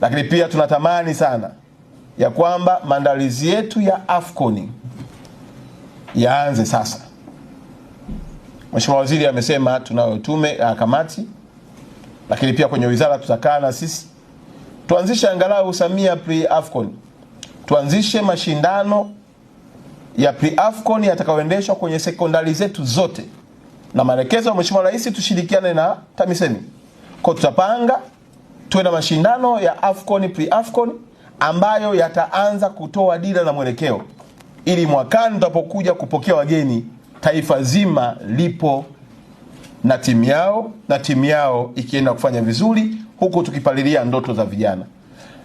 Lakini pia tunatamani sana ya kwamba maandalizi yetu ya AFCON yaanze sasa. Mheshimiwa Waziri amesema tunayo tume ya ah, kamati, lakini pia kwenye wizara tutakaa na sisi tuanzishe angalau Samia pre AFCON, tuanzishe mashindano ya pre AFCON yatakayoendeshwa kwenye sekondari zetu zote, na maelekezo ya Mheshimiwa Rais tushirikiane na TAMISEMI kwa tutapanga tuwe na mashindano ya Afcon pre Afcon ambayo yataanza kutoa dira na mwelekeo, ili mwakani tutapokuja kupokea wageni, taifa zima lipo na timu yao na timu yao ikienda kufanya vizuri, huku tukipalilia ndoto za vijana.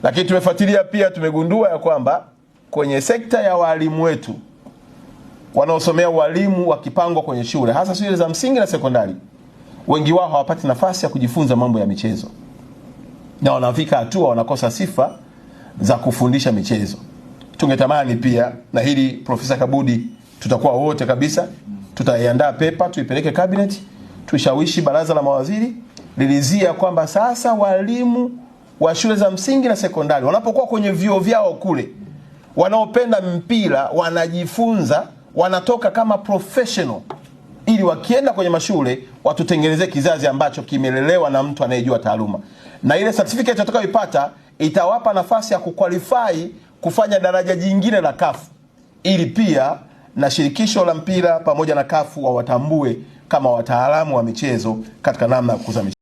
Lakini tumefuatilia pia, tumegundua ya kwamba kwenye sekta ya walimu wetu wanaosomea walimu wakipangwa kwenye shule hasa shule za msingi na sekondari, wengi wao hawapati nafasi ya kujifunza mambo ya michezo na wanafika hatua wanakosa sifa za kufundisha michezo. Tungetamani pia na hili Profesa Kabudi, tutakuwa wote kabisa, tutaiandaa pepa tuipeleke cabinet, tushawishi baraza la mawaziri lilizia kwamba sasa walimu wa shule za msingi na sekondari wanapokuwa kwenye vyuo vyao kule, wanaopenda mpira wanajifunza, wanatoka kama professional ili wakienda kwenye mashule watutengenezee kizazi ambacho kimelelewa na mtu anayejua taaluma, na ile certificate watakayoipata itawapa nafasi ya kukwalifai kufanya daraja jingine la kafu, ili pia na shirikisho la mpira pamoja na kafu wawatambue kama wataalamu wa michezo katika namna ya kukuza